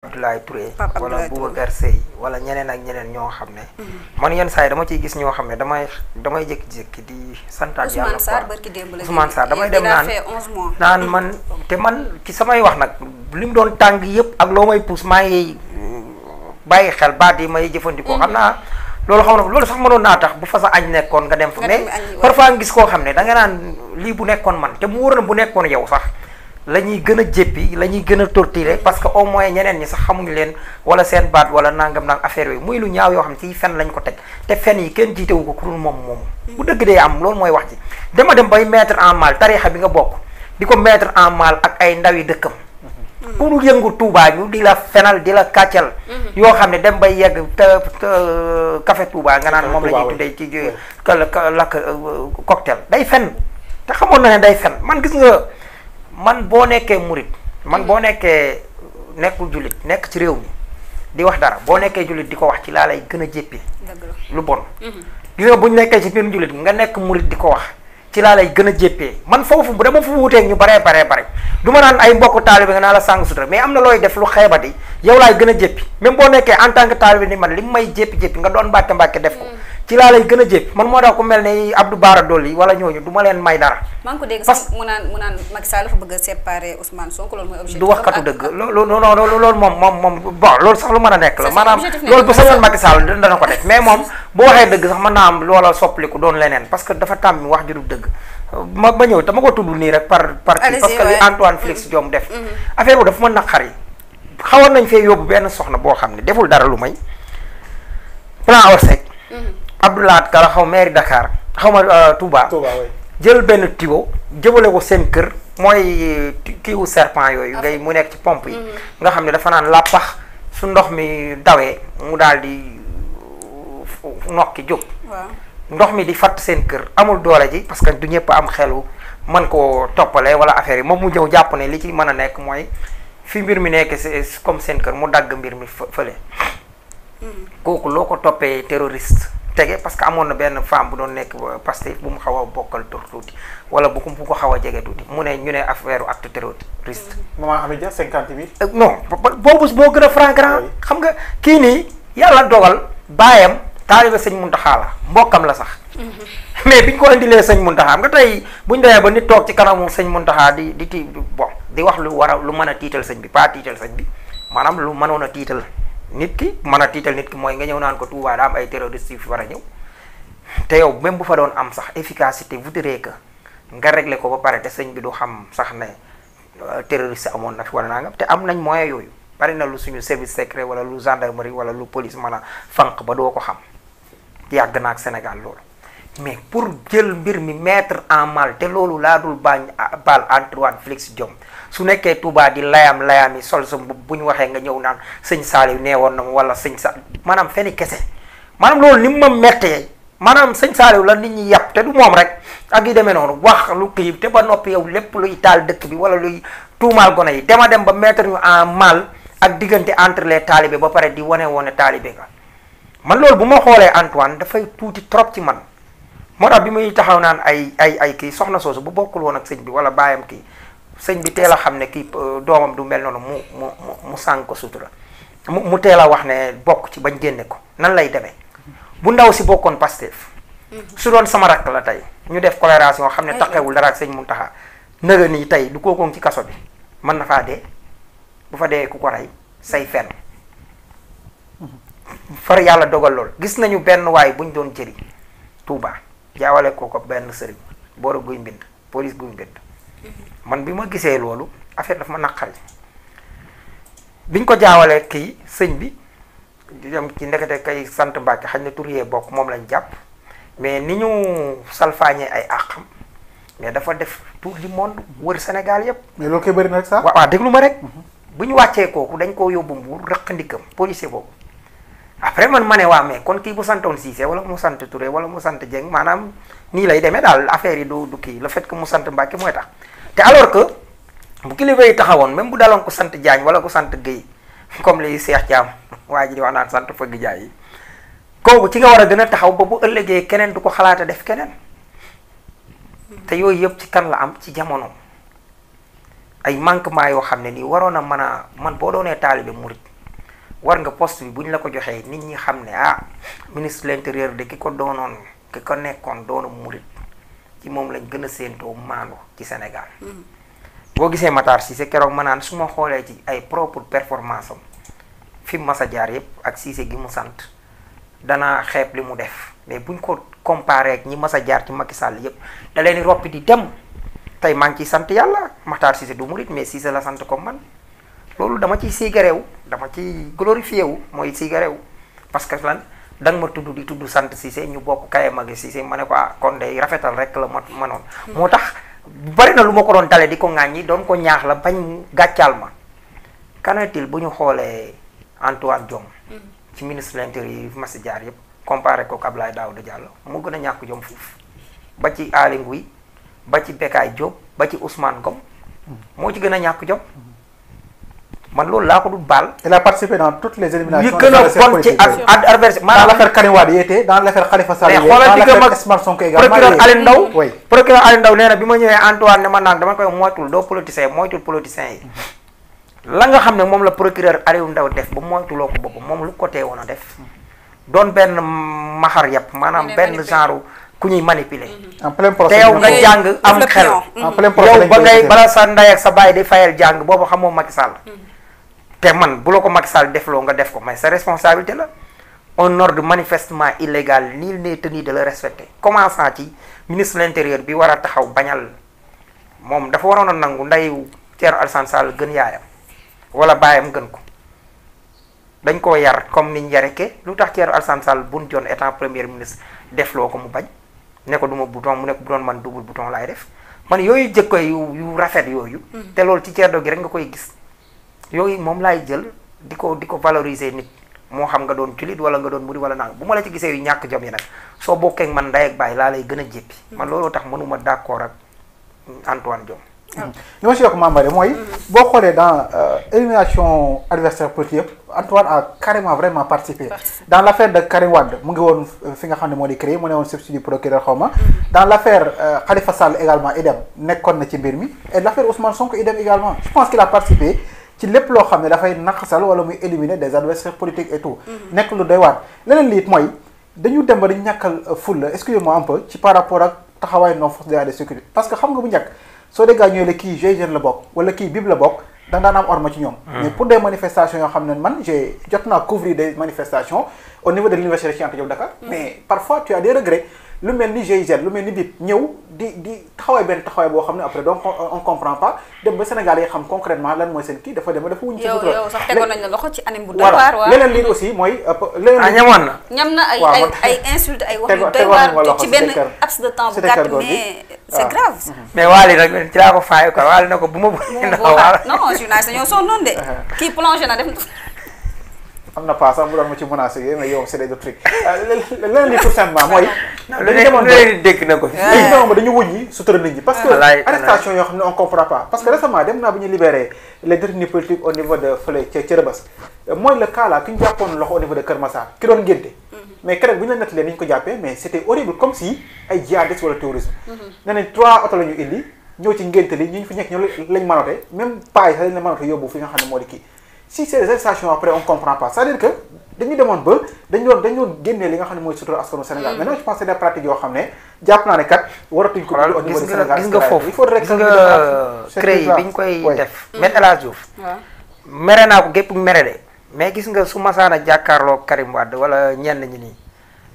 Abdoulaye Touré wala Boubacar Seye wala ñeneen ak ñeneen ñoo xam ne mhm. man yenn saa yi dama ciy gis ñoo xam ne damay damay jékki-jékki di santaat yàlla Ousmane Sarr damay dem naan naan man te man ci samay wax nag li mu doon tàng yëpp ak loo may pousse maa ngi euh, bàyyi xel baat yi may jëfandikoo mhm. xam naa loolu xam na loolu sax mënoon naa tax bu fa sa añ nekkoon nga dem fa mais parfois nga gis koo xam ne da nga naan lii bu nekkoon man te mu wóor bu nekkoon yow sax la ñuy gën a jéppi la ñuy gën a torturer parce que au moins ñeneen ñi sax xamuñu leen wala seen baat wala nangam nang affaire yooyu muy lu ñaaw yoo xam ne ci fen lañ ko teg te fen yi kenn jiitewu ko ku dul moom moom bu dëgg dee am loolu mooy wax ci dama dem bay mettre en mal tarixa bi nga bokk di ko mettre en mal ak ay ndawi dëkkam pour yëngu Touba ñu di la fenal di la kàccal mhm. yoo xam ne dem bay yegg te café Touba nga naan moom la ñuy tuddee ci lakk euh, cocktail day fen te xamoon na ne day fen man man boo nekkee murit man boo nekkee nekkul jullit nekk ci réew mi di wax dara boo nekkee jullit di ko wax ci laa lay gën a jéppee lu bon mhm. gis nga bu ñu nekkee ci biir jullit nga nekk murit di ko wax ci laa lay gën a jéppee man foofu bu dama fu wuteeg ñu baree baree bare du ma naan ay mbokk taalibe nga naa la sàng sutura mais am na looy def lu xeeba yow laay gën a jéppi même boo nekkee en tant que taalibe ni man li may jéppi jéppi nga doon mbàkke mbàkke def ko ci laa lay gën a jég man moo tax ku mel ne Abdou Bara Dolly wala ñooñu du ma leen may dara. maa ngi ko dégg sax mu naan mu naan Macky Sall dafa bëgg a séparer Ousmane Sonko loolu mooy objectif. du wax katu dëgg loolu loolu moom moom moom bon loolu sax lu mën a nekk la. maanaam loolu bu sañoon Macky Sall dana ko def mais moom bu waxee am loola soppaliku doon leneen parce que dafa tàmmi wax ju dul dëgg. ma ba ñëw dama ko tudd nii rek par par parce que li Antoine mm. Félix Diome def mm-hmm. affaire bu dafa ma naqar yi xawoon benn soxna boo xam ne deful dara lu may plan Orsec mm-hmm. Abdoulahat Ka xaw maire Dakar xaw ma euh, Touba. Touba jël benn tiwo jëmale ko seen kër mooy kiiwu serpent yooyu ngay mu nekk ci pompe yi. Mm-hmm. nga xam ne dafa naan làppax su ndox mi dawee mu daal di euh, nokki jóg. ndox mi di fatt seen kër amul doole ji parce que du ñëpp am xelu mën koo toppale wala affaire yi moom mu ñëw jàpp ne li ci mën a nekk mooy fi mbir mi nekk comme seen kër mu dagg mbir mi fële. Mm-hmm. kooku loo ko toppee terroriste. tege parce que amoon na benn femme bu doon nekk Pastef bu mu xaw a bokkal tur tuuti wala bu ko bu ko xaw a jege tuuti mu ne ñu ne affaire acte terroriste. maman Amidia cinquante mille. Euh, non boobu boo gën a flagrant xam nga kii nii yàlla dogal baayam taaliba sëñ Muntaxa la mbokkam la sax. Mhm. mais bi biñ ko indilee sëñ am nga tey buñ demee ba nit toog ci kanamu sëñ Muntaxa di di ti bon di wax lu war a lu mën a tiital sañ bi pas tiital sëñ bi maanaam lu mënoon a tiital. nit ki mën a tiital nit ki mooy nga ñëw naan ko Touba daa am ay terroristes yu fi war a ñëw te yow même bu fa doon am sax efficacité voudrait que nga réglé ko ba pare te sëñ bi du xam sax ne euh, terroriste amoon na fi wala nangam te am nañ moyen yooyu bari na lu suñu service secret wala lu gendarmerie wala lu police man a fànq ba doo ko xam yàgg na ak Sénégal loolu mais pour jël mbir mi mettre en mal te loolu laa dul bañ baal Antoine Félix Diome su nekkee tubaa di layam layam yi sol sa mbubb bu ñu waxee nga ñëw naan sëñ nee woon na mu wala sëñ sa maanaam feni kese maanaam loolu ni ma mettee maanaam sëñ Saliou la nit ñi yàpp te moom rek ak yu demee noonu wax lu kii te ba noppi lépp luy taal dëkk bi wala luy tuumaal gone yi dema dem ba mettre ñu en mal ak diggante entre les talibé ba pare di wane wone talibé nga man loolu bu ma xoolee Antoine dafay tuuti trop ci man moo tax bi muy taxaw naan ay ay ay kii soxna soosu bu bokkul woon ak sëñ bi wala baayam kii sëñ bi teel a xam ne kii euh, doomam du mel noonu mu mu mu mu sànq ko sutura mu mu teel a wax ne bokk ci bañ génne ko nan lay demee bu ndaw si bokkoon Pastef mhm. su doon sama rakk la tey ñu def collaboration xam ne taqewul dara ak sëñ Muntaxa nëga nii tey du kookoon ci kaso bi mën na faa dee bu fa dee ku ko rey say fen mhm. far yàlla dogal lool gis nañu benn waay buñ doon jëri Touba jaawale ko ko benn sëriñ booru guy mbind police guy mbind mhm. man bi ma gisee loolu affaire daf ma naqari biñ ko jaawalee kii sëñ bi di dem ci ndekete kay sant Mbàkke xañ na tur yee bokk moom lañ jàpp mais ni ñu salfaañee ay àqam mais dafa def tour du monde wër Sénégal yëpp. mais loolu koy bëri na rek sax. waaw déglu ma rek. Mhm. bu ñu wàccee kooku dañ koo yóbbu mbuur rëq ndikkam policier boobu après man ma ne waa mais kon kii bu santoon Cissé wala mu sant Touré wala mu sant Dieng maanaam nii lay demee daal affaire yi du du kii le fait que mu sant Mbàkke mooy tax. te alors que bu kilifa yi taxawoon même bu daloon ko sant jaañ wala ko sant Guèye comme li Cheikh Thiam waaye ji di wax naan sant fëgg jaay yi kooku ci nga war a gën a taxaw ba bu ëllëgee keneen du ko xalaata def keneen te yooyu yëpp ci kan la am ci jamono ay manquement yoo xam ne nii waroon a mën a man boo doonee taalibe murit war nga poste bi bu ñu la ko joxee nit ñi xam ne ah ministre de l'intérieur de ki ko doonoon ki ko nekkoon doonu murit ci moom lañ gën a séentoo maanu ci Sénégal. Mm. boo gisee Matar Cissé keroog ma naan su ma xoolee ci ay propre performance am fi mu mas a jaar yëpp ak Cissé gi mu sant danaa xeeb li mu def mais buñ ko comparé ak ñi mas a jaar ci Macky Sall yëpp da leen di roppi di dem tey maa ngi ciy sant yàlla Matar Cissé du murit mais Cissé la sant ko man loolu dama ciy sigareewu dama ci glorifié wu mooy sigareewu parce que lan. da nga ma tudd di tudd sant Cissé ñu bokk kaye magi Cissé ma ne ko ah kon day rafetal rek la ma mënoon hmm. moo tax bari lu ma ko doon dale di ko ŋàññi doon ko ñaax la bañ mu gàccaal ma kanatil bu ñu xoolee Antoine Diome hmm. ci ministre de l'intérieur yi ma si jaar yëpp comparé ko ak Abdoulaye Daouda Diallo moo gën a ñàkk jom foofu ba ci Aly ba ci Bekaay Diop ba ci Ousmane Ngom hmm. moo ci gën a ñàkk jom man loolu laa ko dul baal. il a participé dans toutes les éliminations. yi gën a bon procureur Aliou Ndao procureur Aliou Ndao nee bi ma ñëwee Antoine ne ma naan dama koy moytul doo politicien moytul politicien yi la nga xam ne moom la procureur Aliou ndaw def ba moytuloo ko boppam moom lu ko tee a def doon benn maxar yàpp maanaam benn genre ku ñuy manipuler. Mhm. en plein procès te yow nga jàng am xel. Mhm. en plein procès yow ba ngay bala sa ndey ak sa baay di fayal jàng boobu xamoo Macky Sall mhm. te man bu la ko Macky Sall defloo nga def ko mais sa responsabilité la un ordre manifestement illégal nul n'est tenu de la respecter commençant ci ministre de l'intérieur bi war a taxaw bañal moom dafa waroon a nangu ndeyu Thierno Alassane Sall gën yaayam wala baayam gën ko dañ koo yar comme niñ yareke lu tax Thierno Alassane Sall bun jon étant premier ministre defloo ko mu bañ ne ko du ma bouton mu ne ko bu doon man double bouton laay def man yooyu jëkko yu yu rafet yooyu mm. te ci Thierno rek nga koy gis yooyu moom laay jël di ko di ko valoriser nit moo xam nga doon jullit wala nga doon mu murid wala naan bu ma la ci gisee yu ñàkk jom yi nag soo bokkee man ndey ak baay laa lay gën a jéppi mm-hmm. man looloo tax mënuma d'accord ak Antoine Diome ah. li ma si yokk Mambare mooy mm-hmm. boo xoolee dans euh, élimination adversaire politique yëpp Antoine a carrément vraiment participé dans l' affaire de Karim Wade mu ngi woon euh, fi nga xam ne moo di créé mu ne woon substitut procureur xaw mm-hmm. dans euh, l' na ci mbir mi et l' affaire Ousmane Sonko idem ci lépp loo xam ne dafay naqasal wala muy éliminer des adversaires politiques et tout. nekk lu doy waar leneen li mooy dañu dem ba dañu ñàkkal euh, fulla excusez-moi un ci par rapport ak taxawaay non force de sécurité parce que xam nga bu njëkk soo déggaa ñooy la kii GIGN la bokk wala kii bib la bokk. da daan am orma ci ñoom. Ah. mais pour des manifestations yoo xam ne man j'ai jot naa couvrir des manifestations au niveau de l'université lu mel ni GIZ lu mel ni BIP ñëw di di taxawaay benn taxawaay boo xam ne après donc on comprend pas dem ba Sénégal yi xam concrètement lan mooy seen kii dafa dem ba dafa wuñ ci yow yow sax tegoon nañ la loxo ci anam bu doy waar waaw leneen li aussi mooy euh, leneen ah ñamoon na ñam na ay ay ay insulte ay wax yu doy waar ci benn laps de temps bu gàtt mais c'est grave mhm. mais waali nag ci laa ko faay quoi waali na ko bu ma bu non journaliste dañoo sonnoon de kii plongé na def am na pas sax bu doon mu ci menacé yooyu mais yow c'est des trucs leneen li tout simplement mooy. dañu demoon ba dégg na ko. dañu demoon ba parce que arrestation yoo xam ne on comprend parce que récemment dem naa bu ñu libéré les détenus politiques au niveau de fële ca Cërëbas mooy le cas ki ñu jàppoon loxo au niveau de Kër Massar ki doon ngénte. Mhm. mais keroog bu ñu la nettalee ni ñu ko jàppee mais c'était horrible comme si ay jihadiste wala terrorisme. Mhm. nee nañ trois oto moo si c'est des exceptions après on comprend pas que dañu demoon ba dañu doon dañu doon génne li nga xam ne mooy sutura askanu Sénégal mm. maintenant je pense que des pratiques yoo xam ne jàpp naa ne ko au niveau du Sénégal gis nga foofu gis nga créé bi ñu koy def met El mere naa ko gépp mere de mais gis nga su masaana jàkkaarloo Karim Wade wala ñenn ñi nii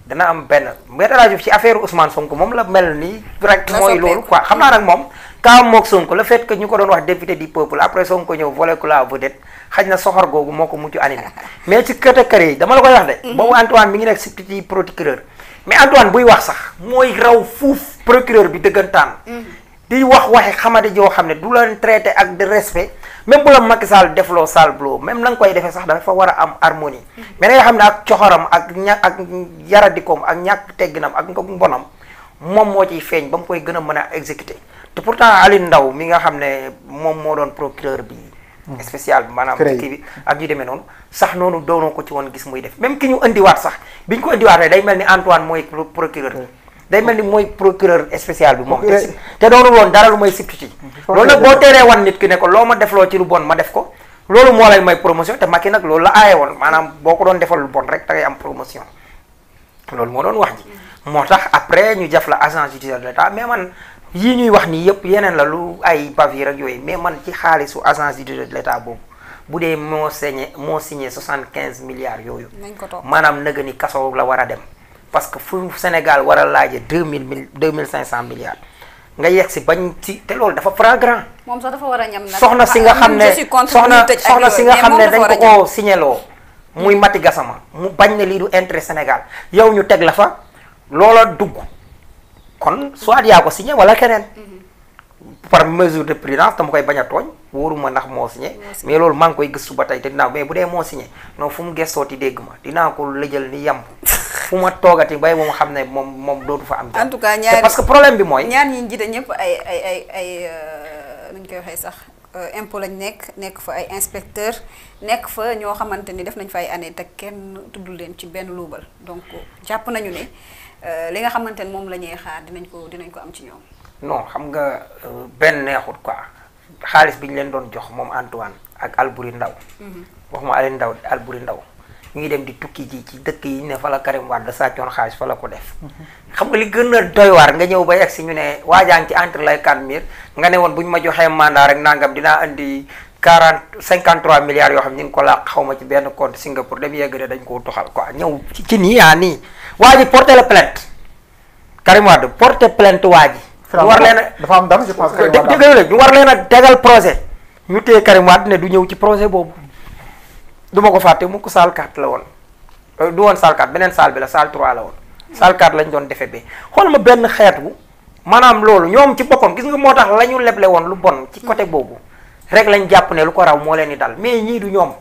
dana am benn met El Hadj Diouf ci affaire Ousmane moom la mel nii rek mooy loolu quoi xam naa nag moom kaa mook Sonko le fait que ñu ko doon wax député du peuple après Sonko ñëw volé ko la xaj na soxor googu moo ko mujj animé mais ci kër kër yi dama la koy wax de. Mhm. boobu Antoine mi ngi nekk si petit mais Antoine buy wax sax mooy raw fuuf procureur bi dëggantaan. Mhm. di wax waxi xamade joo xam ne du la traité ak de respect même bu la Macky Sall defloo sale boulot même la nga koy defee sax dafa war a am harmonie. Mhm. mais da nga xam ne ak coxoram ak ña ak yaradikoom ak ñàkk tegginam ak mbonam moom moo ciy feeñ ba mu koy gën a mën a exécuter. te pourtant Alioune ndaw mi nga xam ne moom moo doon procureur bi. Hmm. spécial maanaam kii bi ak ñu demee noonu. sax noonu doonoo ko ci woon gis muy def même ki ñu indiwaat sax bi ñu ko indiwaatee day mel ni Antoine mooy procureur bi. Hmm. day mel ni mooy procureur spécial bi moom. te doonul woon dara lu may sikki ci. Hmm. loolu nag boo teeree wan nit ki ne ko loo ma defloo ci bon ma def ko. loolu moo lay may promotion te Macky nag loolu la aaye woon maanaam boo ko doon defal lu rek da ngay am promotion. loolu moo doon wax ji. moo tax après ñu jaf la agent judiciaire de l'État mais yii ñuy wax nii yëpp yeneen la lu ay papier ak yooyu mais man ci xaalisu agence du de l'état boobu bu dee moo signé moo signé soixante quinze milliards yooyu. maanaam nëgë ni kaso la war a dem. parce que fu Sénégal war a laaje deux mille mille deux mille cinq cent milliards. nga yegg si bañ ci te loolu dafa flagrant. moom sax dafa war a ñam soxna si nga ah, xam ne soxna soxna si nga xam ne dañ ko koo signéloo muy Mati Gassama mu bañ ne lii du intérêt Sénégal yow ñu teg la fa loola dugg. kon soit yaa ko signé wala keneen. Mhm. par mesure de prudence dama koy bañ a tooñ wóoruma ndax moo signé mais loolu maa ngi koy gëstu ba tey te dinaa mais bu dee moo signé non fu mu gëstooti dégg ma dinaa ko lëjal ni yamb fu ma toogati bay moom xam ne moom moom dootu fa am. en tout cas ñaari parce que problème bi mooy. ñaar ñi jiite ñëpp ay ay ay ay euh, nuñ koy waxee sax euh, impo lañ nekk nekk fa ay inspecteur nekk fa ñoo xamante ni def nañ fa ay année te kenn tuddul leen ci benn luubal donc jàpp nañu ne. Euh, li nga xamante ne moom la ñuy xaar dinañ ko dinañ ko am ci ñoom. non xam nga euh, benn neexut quoi xaalis bi ñu leen doon jox moom Antoine ak Alburi Ndaw mhm. waxuma Alioune Ndaw Alburi Ndaw ñuy dem di tukki ji ci dëkk yi ñu ne fa la Karim Wade sàccoon xaalis fa la ko def. Mhm. xam nga li gën a doy waar nga ñëw ba yegg si ñu ne waajaan ci entre les quatre murs nga ne woon bu ñu ma joxee mandat rek nangam dinaa indi quarante cinquante trois milliards yoo xam ñu ngi ko laa xaw ma ci benn compte Singapour dem yegg de dañ koo toxal quoi ñëw ci nii yaa ah, nii. waa ji porté la plainte Karim Wade porté plainte waa ji. ñu war leen a dafa am dam je pense ñu war leen a tegal projet. ñu téye Karim Wade ne du ñëw ci projet boobu du ma ko fàtte mu ko saal 4 la woon euh, du woon salle 4 beneen salle bi la salle 3 la woon. salle 4 lañ doon defee ba xool ma benn xeetu maanaam loolu ñoom ci boppam gis nga moo tax la ñu leble woon lu bon ci côté boobu rek lañ jàpp ne lu ko raw moo leen di dal mais ñii du ñoom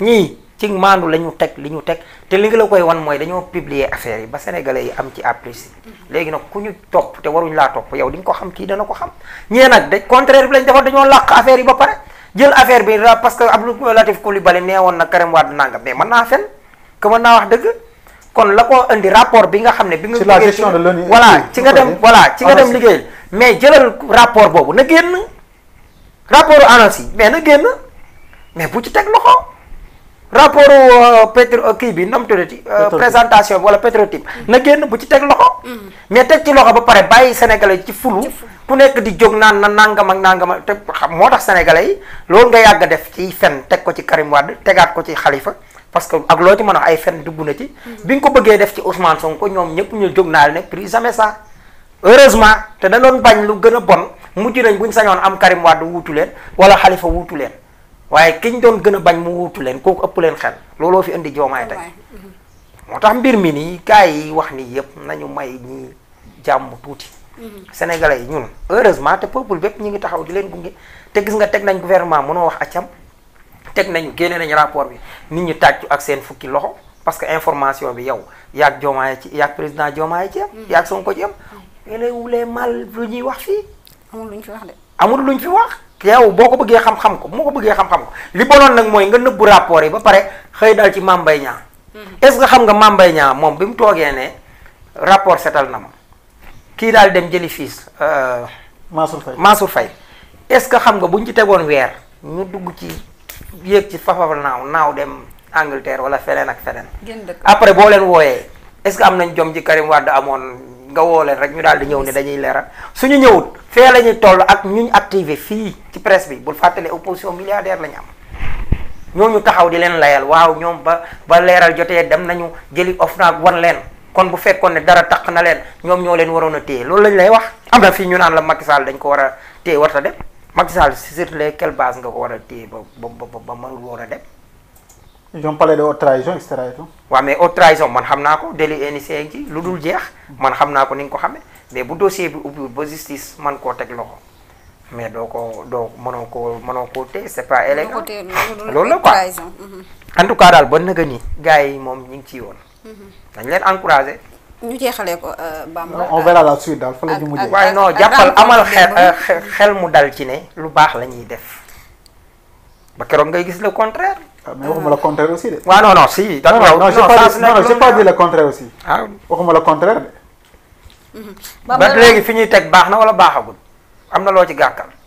ñii. ci maandu la ñu teg li ñu teg te li nga la koy wan mooy dañoo publier affaire yi ba sénégalais yi am ci apprécié léegi nag ku ñu topp te waruñ laa topp yow di nga ko xam kii dana ko xam ñee nag de contraire bi lañ defoon dañoo làq affaire yi ba pare jël affaire bi parce que Abdou Latif Coulibaly nee woon na Karim Wade nangam mais mën naa fen que mën naa wax dëgg kon la ko indi rapport bi nga xam ne bi nga liggéey voilà ci nga dem voilà ci nga dem liggéeyal mais jëlal rapport boobu na génn rapport annonce yi mais na génn mais bu ci teg loxo rapport euh, pétro euh, kii bi nam tuddati euh, présentation bi wala pétrotype mm. na génn bu ci teg loxo mm. mais teg ci loxo ba pare bàyyi sénégalais ci fulu ku nekk di jóg naan na nangam ak nangam te xam moo tax sénégalais yi loolu nga yàgg def ci fen teg ko ci Karim Wade tegaat ko ci xalifa parce que ak loo ci mën a ay fen dugg na ci mm. bi nga ko bëggee def ci Ousmane Sonko ñoom ñëpp ñu jóg naa ne plus jamais ça heureusement te da doon bañ lu gën a bon mujj nañ buñ sañoon am Karim Wade wuutu leen wala Khalifa wuutu leen waaye kiñ doon gën a bañ mu wuutu leen kooku ëpp leen xel looloo fi indi joomaay tey moo tax mbir mi nii gars yi wax nii yëpp nañu may ñi jàmm tuuti mhm. sénégalais yi ñun heureusement te peuple bépp ñu ngi taxaw di leen gunge te nga teg nañ gouvernement mënoo wax accam teg nañu génne nañ rapport bi nit ñi tàccu ak seen fukki loxo parce que information bi yow yaag joomaay ci yaag président joomaay ci am mhm. yaag Sonko ci am mhm. elewulee mal lu ñuy wax fii amul luñ fi wax de amul luñ fi wax yow boo ko bëggee xam-xam ko moo ko bëggee xam-xam ko li bonoon nag mooy nga nëbbu rapport yi ba pare xëy dal ci Mame Mbaye Niang mm-hmm. ce que xam nga Mame Mbaye moom bi mu toogee ne rapport setal na ma kii daal dem jëli fiis euh, Mansour Faye Mansour Faye est ce que xam nga buñ ci tegoon weer ñu dugg ci yéeg ci fafafal naaw naaw dem Angleterre wala feneen ak feneen après boo leen wooyee est ce que am nañ jom ji Karim Wade amoon nga woo leen rek ñu daal di ñëw ne dañuy leeral suñu ñëwut fee la ñuy toll ak ñu ñu activé fii ci presse bi bul fàttale opposition milliardaire la ñu am ñu taxaw di leen layal waaw ñoom ba ba leeral jotee dem nañu jëli OFNAC wan leen kon bu fekkoon ne dara taq na leen ñoom ñoo leen waroon a téye loolu lañu lay wax. am na fii ñu naan la Macky Sall dañ ko war a téye warta dem Macky Sall si les quelle base nga ko war a téye ba ba ba mënul war a dem. ils ont parlé de haute trahison et cetera mais haute trahison man xam naa ko délit initié ngi ci lu dul jeex man xam naa ko ni nga ko xamee mais bu dossier bi ubbiwul ba justice man koo teg loxo mais doo ko doo mënoo ko mënoo koo téye c'est pas élégant loolu la quoi mhm. en tout cas daal ba nëga ni gars yi moom ñu ngi ciy woon mhm. dañ leen encouragé ñu jeexalee ko euh, Bamba on verra la suite daal fa la ñu waaye non jàppal amal xel xel mu dal ci ne lu baax la ñuy def ba keroog ngay gis le contraire Ah, mais waxuma le euh. contraire aussi de. waaw non non si. non non non j'ai pas dit le contraire aussi. Ah. waxuma le contraire mhm. ba léegi fi ñuy teg baax na wala baaxagul am na loo ci gàkkal.